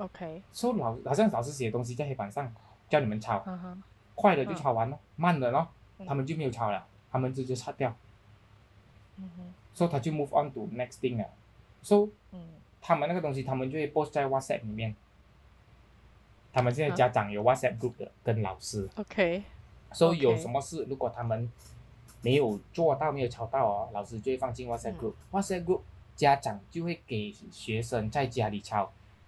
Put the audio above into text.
O.K.，所、so, 以老，好像老師寫的東西在黑板上，叫你們抄，uh -huh. 快的就抄完、uh -huh. 了，慢的呢，他們就沒有抄了，他們直接擦掉。嗯哼，所以他就 move on to next thing 啊，所以，他們那個東西，他們就會 post 在 WhatsApp 裏面。他們現在家長有 WhatsApp group 的，uh -huh. 跟老師。O.K.，所、so, 以、okay. 有什麼事，如果他們沒有做到，沒有抄到啊、哦，老師就會放進 WhatsApp group。Uh -huh. WhatsApp group 家長就會給學生在家裏抄。